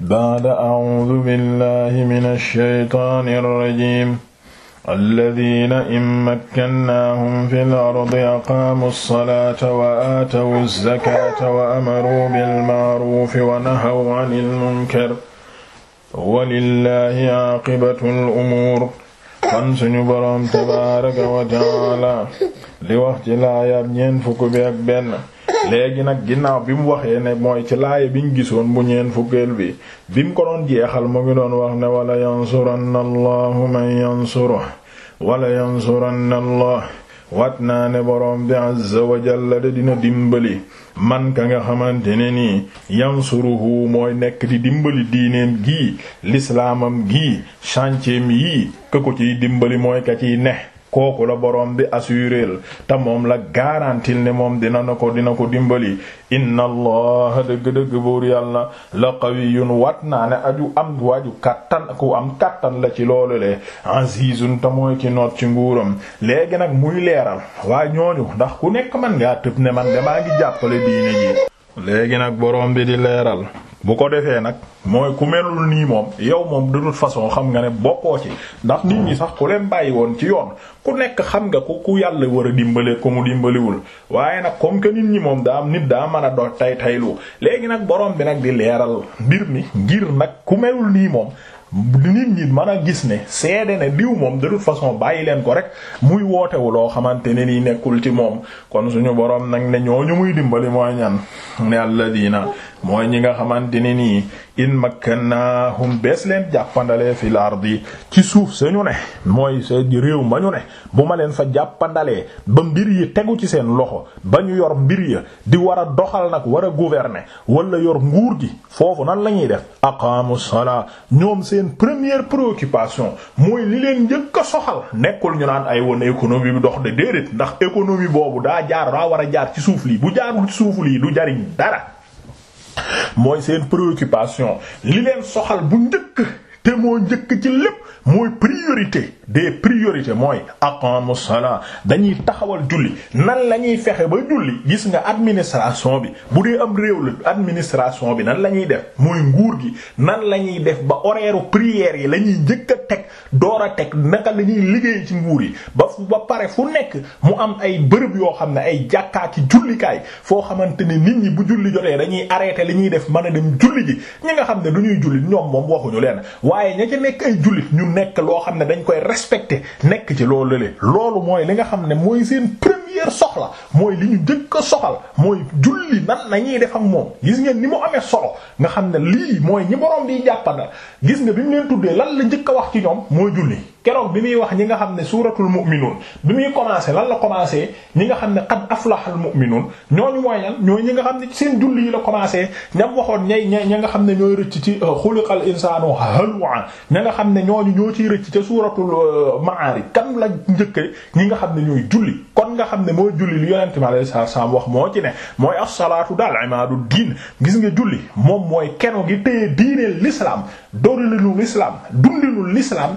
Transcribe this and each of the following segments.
ba'da a'uudu billahi mina shaytaani rajiim alladiina in makkannaahum fil ardi aqaamu salaata wa aatawu zakaata wa amaru bil ma'ruufi wa nahaw 'anil munkar walillahi aaqibatul umuur kon suñu boroom tabaaraka wa ta'aala li wax ci laayab ñeent fukk bi ak benn léegi nag ginnaaw bi mu waxee ne mooy ci laay bi ñu gisoon bu ñeen fukkeel bi bi mu ko doon jeexal mu ngi doon wax ne wala yansuranna allahu man yansuruhu wala yansuranna allah wat naa ne borom bi azza wa de dina dimbali man ka nga xamante ne nii yansuruhu mooy nekk di dimbali diineem gii lislaamam gii chantier yi ka ko ciy dimbali mooy ka ciy ne kooku la borom bi assuréel te moom la garantil ne moom dina na ko dina ko dimbali inna allaha dëgg-dëgg buur yàlla la qawiyyun wat naa ne aju am waaju kàttan ku am kàttan la ci loolu le azizun te mooy ki noot ci nguuram léegi nag muy leeral waa ñooñu ndax ku nekk man ngaa tëb ne man damaa ngi jàppale diine ji léegi nag borom bi di leeral bu ko defee nag mooy ku melul nii moom yow moom de toute façon xam nga ne bokkoo ci ndax nit ñi sax ku leen bàyyi woon ci yoon ku nekk xam nga ku ku yàlla war a dimbale ku mu dimbaliwul waaye nag comme que nit ñi moom daa am nit daa mën a dox tay taylu léegi nag borom bi nag di leeral mbir mi ngir nag ku melul nii moom nit ñi mën a gis ne seede ne diw moom de toute façon bàyyi leen ko rek muy wootewu loo xamante ne nii nekkul ci moom kon suñu boroom nag ne ñooñu muy dimbali mooy ñan ne alladina mooy ñi nga xamante ne nii in makkannahum bees leen jàppandalee fil ardi ci suuf sañu ne mooy sa réew ma ñu ne bu ma leen fa jàppandalee ba mbir yi tegu ci seen loxo ba ñu yor mbir ya di war a doxal nag war a gouverner wala yor nguur gi foofu nan la ñuy def aqamu salaa ñoom seen première préoccupation mooy li leen njëkk a soxal nekkul ñu naan ay won économie bi dox de déedéet ndax économie boobu daa jaar daa war a jaar ci suuf lii bu jaarul ci suuf lii du jariñ dara mooy seen préoccupation li leen soxal bu njëkk te moo njëkk ci lépp mooy priorité des priorités mooy aqamu salaa dañuy taxawal julli nan la ñuy fexe ba julli gis nga administration bi bu dee am réew la administration bi nan la ñuy def mooy nguur gi nan lañuy ñuy def ba horaire prière yi la ñuy teg door a teg naka la ñuy liggéey ci mbuur yi ba ba pare fu nekk mu am ay bërëb yoo xam ne ay jàkkaa ki jullikaay foo xamante ne nit ñi bu julli jotee dañuy arrêté li ñuy def mën a dem julli ji ñi nga xam ne du ñuy julli ñoom moom waxuñu leen waaye ña ci nekk ay jullit ñu nekk loo xam ne dañ koy respecté nekk ci loolu le loolu mooy li nga xam ne mooy seen premier première soxla mooy li ñu njëkk a soxal mooy julli nan nañuy def ak moom gis ngeen ni mu amee solo nga xam ne lii mooy ñi di bi jàppandal gis nga bi ñu leen tuddee lan la njëkk a wax ci ñoom mooy julli. keroog bi muy wax ñi nga xam ne suuratul mu'minuun bi muy commencé lan la commencé ñi nga xam ne qad aflahal mu'minuun ñooñu mooy lan ñoo ñi nga xam ne seen julli yi la commencé ñam waxoon ñay ña ña nga xam ne ñooy rëcc ci euh, xuliqal insaanu halwa ña nga xam ne ñooñu ñoo ciy rëcc ca suuratul euh, ma'aarij kam la njëkk ñi nga xam ne ñooy julli kon nga xam ne moo julli lu yonente mi alayhi salaam wax moo ci ne mooy as-salaatu daal imaadu diin gis nga julli moom mooy keno gi téye diineel l'islam dooralinu l'islam dundinu l'islam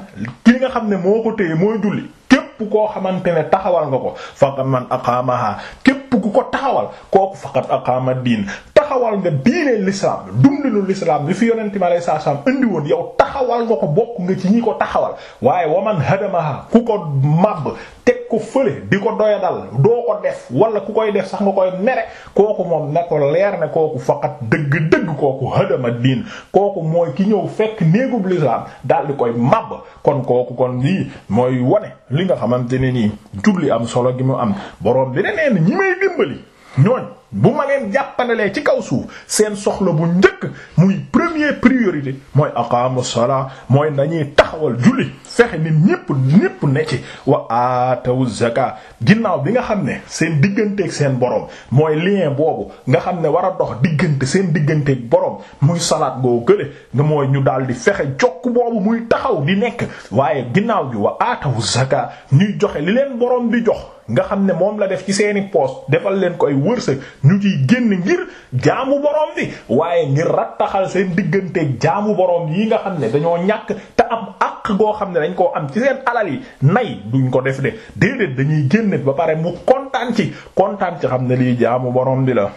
li nga xam ne moo ko téye mooy julli képp koo xamante ne taxawal nga ko faqad man aqaamaha képp ku ko taxawal kooku faqad aqaama diin taxawal nga diine l'islam dundinu lislaam li fi yonent mi saa salaam indi woon yow taxawal nga ko bokk nga ci ñi ko taxawal waaye man waman hadamaha ku ko màbb teg ko fële di ko doyadal doo ko def wala ku koy def sax nga koy mere kooku moom na ko leer ne kooku faqat dëgg-dëgg kooku hadama diin kooku mooy ki ñëw fekk néegub l'islam daal di koy màbb kon kooku kon lii mooy wane li nga xamante ne nii jubli am solo gi mu am borom bi ne neen ñooñ bu ma leen jàppandalee ci kaw suuf seen soxla bu njëkk muy premier priorité mooy aqaamu salaa mooy nañuy taxawal julli fexe ni ñépp ñépp ne ci wa aatawu zaka ginnaaw bi nga xam ne seen digganteeg seen borom mooy lien boobu nga xam ne war a dox diggante seen digganteeg borom muy salaat goo gële nga mooy ñu daal di fexe jokk boobu muy taxaw di nekk waaye ginnaaw bi wa aatawu zaka ñuy joxe li leen borom di jox nga xam ne moom la def ci seeni poos defal leen koy ay wërsëg ñu ciy génn ngir jaamu borom bi waaye ngir rattaxal seen digganteeg jaamu borom yi nga xam ne dañoo ñàkk te am àq goo xam ne dañ koo am ci seen alal yi nay duñ ko def de déedéet dañuy génn ba pare mu kontaan ci kontaan ci xam ne lii jaamu borom bi la.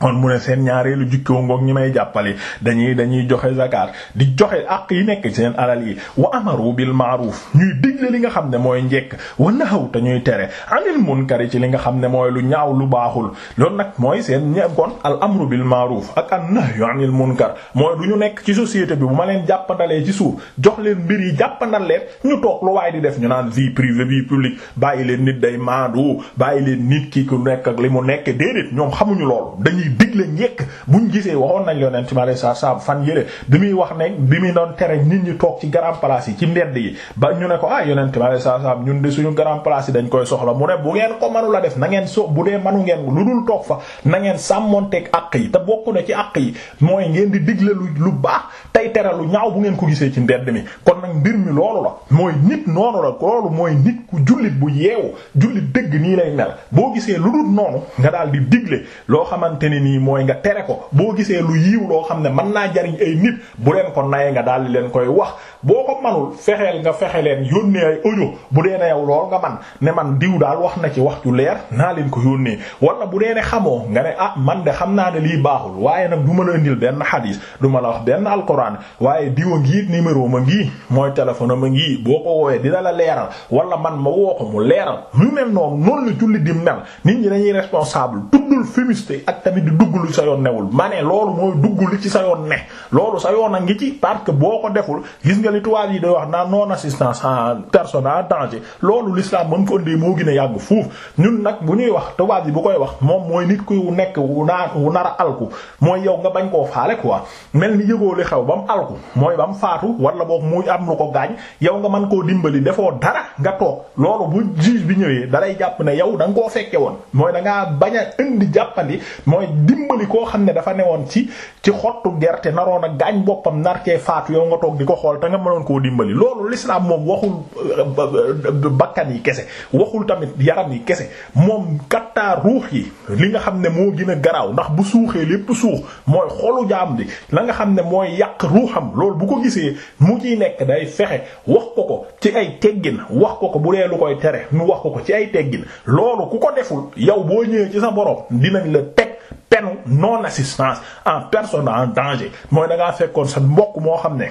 kon mu ne seen ñaareelu jukkoo ngoog ñi may jàppale dañuy dañuy joxe zakat di joxe àq yi nekk seen alal yi wa amaru bil ma'ruf ñuy digle li nga xam ne mooy njekk wa nahaw te ñuy tere anil munkari ci li nga xam ne mooy lu ñaaw lu baaxul loolu nag mooy seen ñe kon al amru bil ma'ruf ak an nahyu anil munkar mooy lu ñu nekk ci société bi bu ma leen jàppandalee ci suuf jox leen mbir yi jàppandal leen ñu toog lu waaye di def ñu naan vie privée vie publique bàyyi leen nit day maandu bàyyi leen nit ki ku nekk ak li mu nekk ñoom xamuñu loolu ñuy digle njekk buñ gisee waxoon nañ yonent mi alayhi salaam fan yële bi muy wax ne bi muy doon tere nit ñi toog ci grand palace yi ci mbedd yi ba ñu ne ko ah yonent mi alayhi salaam ñun de suñu grand place yi dañ koy soxla mu ne bu ngeen ko manu la def na ngeen so bu dee manu ngeen lu dul toog fa na ngeen sàmmonteeg àq yi te bokku na ci àq yi mooy ngeen di digle lu lu baax tey tere lu ñaaw bu ngeen ko gisee ci mbedd mi kon nag mbir mi loolu la mooy n noonu la mooy nit ku jullit bu yeewu jullit dëgg nii lay mel boo gisee lu dul noonu nga daal ni ne nii mooy nga tere ko boo gisee lu yiiw loo xam ne mën naa jariñ ay nit bu leen ko naye nga daal di leen koy wax boo ko manul fexeel nga fexe leen yónnee ay audio bu dee ne yow lool nga man ne man diw daal wax na ci wax ju leer naa leen ko yónnee wala bu dee ne xamoo nga ne ah man de xam naa ne lii baaxul waaye nag du ma la indil benn xadiis du ma la wax benn alquran waaye diwa ngi numéro ma ngi mooy téléphone ma ngi boo ko woowee dina la leeral wala man ma woo mu leeral dugg lu sa yoon newul ma ne loolu mooy dugg li ci sa yoon ne loolu sa yoon a ngi ci parce que boo ko deful gis nga li tubaab yi day wax naan non assistance en personne en danger loolu l'islam ba mu ko ëndee moo a yàgg fuuf ñun nag bu ñuy wax tubaab yi bu koy wax moom mooy nit ku nekk wu naa wu nar a alku mooy yow nga bañ koo faale quoi mel ni yëgoo li xew ba mu alku mooy ba mu faatu wala boobu muy am lu ko gaañ yow nga man koo dimbali defoo dara nga toog loolu bu juge bi ñëwee dalay jàpp ne yow da nga koo fekke woon mooy da ngaa bañ a dimbali koo xam ne dafa newoon ci ci xottu gerte naroon a gaañ boppam nar cee faatu yow nga toog di ko xool te nga mënoon koo dimbali loolu l'islam moom waxul euh, euh, bakkan yi kese waxul tamit yaram yi kese moom kattaa ruux yi li nga xam ne moo gën a garaaw ndax bu suuxee lépp suux mooy xolu jaam bi la nga xam ne mooy yàq ruuxam loolu bu ko gisee mu ciy nekk day fexe wax ko ko ci ay teggin wax ko ko bu dee lu koy tere mu wax ko ko ci ay teggin loolu ku ko deful yow boo ñëwee ci sa borom dinañ la penu non assistance en personne en danger mooy da ngaa fekkoon se mbokk moo xam ne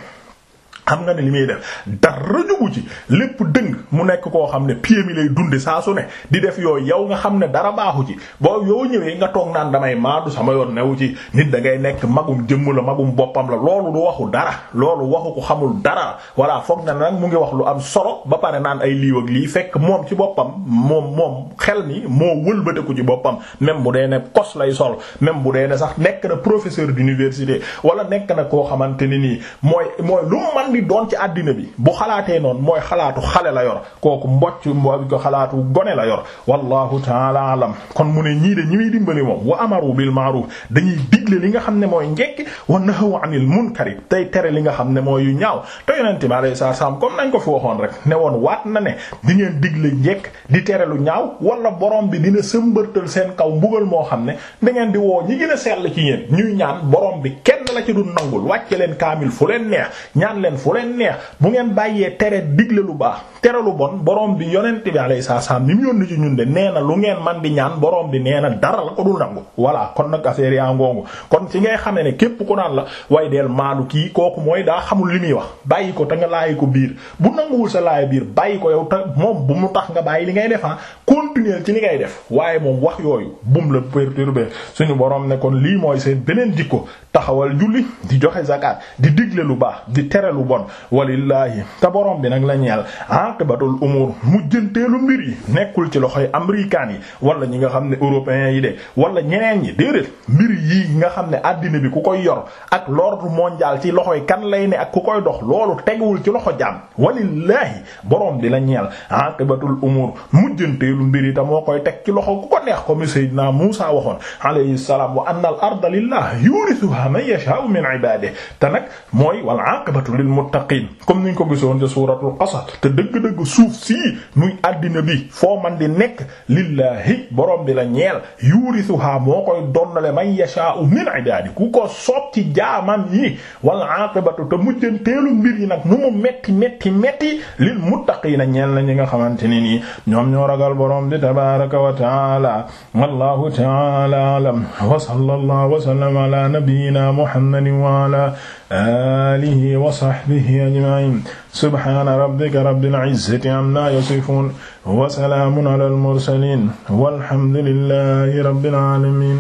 xam nga ne li muy def dara jubu ci lépp dëng mu nekk koo xam ne pied mi lay dundi saa su ne di def yooyu yow nga xam ne dara baaxu ci boo yoo ñëwee nga toog naan damay maadu sama yoon newu ci nit da nekk magum jëmm la magum boppam la loolu du waxu dara loolu waxu ko xamul dara voilà foog na nag mu ngi wax lu am solo ba pare naan ay liiw ak lii fekk moom ci boppam moom moom xel ni moo wëlbateku ci boppam même bu dee ne kos lay sol même bu dee ne sax nekk na professeur d'université wala nekk na koo xamante ni nii mooy di doon ci àddina bi bu xalaatee noonu mooy xalaatu xale la yor kooku mbocc mboobi ko xalaatu gone la yor wallahu taala alam kon mu ne ñii de ñi muy dimbali moom wa amaru bil ma'ruf dañuy digle li nga xam ne mooy njekki wa nahaw anil munkari tey tere li nga xam ne mooy yu ñaaw te yonente bi alayhi salaam comme nañ ko fi waxoon rek ne woon waat na di ngeen digle njekk di tere lu ñaaw wala borom bi dina sëmbërtal seen kaw mbugal moo xam ne da ngeen di woo ñi gën sell ci yéen ñuy ñaan borom bi kenn la ci du nangul wàcce leen kaamil fu leen neex ñaan leen fu fu leen bu ngeen bàyyee tere digle lu baax tere lu bon borom bi yonent bi alayhi salaam ni mu yónni ci ñun de nee na lu ngeen man di ñaan borom bi nee na dara la ko dul nangu. voilà kon nag affaire yaa ngoongu kon ci ngay xamee ne képp ku naan la way deel maalu kii kooku mooy daa xamul li muy wax bàyyi ko te nga laay ko biir bu nanguwul sa laay biir bàyyi ko yow ta moom bu mu tax nga bàyyi li ngay def ah. continuer ci li waaye moom wax yooyu bum la perturber suñu borom ne kon lii mooy seen beneen jikko taxawal julli di joxe zakat di digle lu baax di tere lu bon walillaahi te boroom bi nag la ñeel aqibatul umur mujjanteelu mbir yi nekkul ci loxoy américain yi wala ñi nga xam ne européens yi de wala ñeneen ñi déedéet mbir yi nga xam ne àddina bi ku koy yor ak l'ordre mondial ci loxoy kan lay ne ak ku koy dox loolu teguwul ci loxo jaam walillaahi borom bi la ñeel aqibatul umur mujjanteelu mbir yi ta moo koy teg ci loxo ku ko neex comme Seydina Muusa waxoon alayhi wa anna al arda lillah yurithuha man yashaa'u min ibaadihi ko gisoon ci suuratul qasas te dëgg-dëgg suuf sii muy àddina bi foo man di nekk lillahi borom bi la ñeel yurithuha moo koy donnale man yashaa'u min ibaadihi ku ko soob ci jaamam yi wal aaqibatu te mujjanteelu mbir nag nu mu metti metti metti lil muttaqiina ñeel na ñi nga xamante ne nii ñoom ñoo ragal borom bi tabaaraka wa ta'aala wallahu ta'aala a'lam wa sallallahu wa sallama ala nabiyyina muhammadin wa ala alihi wa sahbihi ajma'in subhana rabbika rabbil izzati amma yasifun wa salaamun ala al mursalin walhamdulillahi rabbil alamin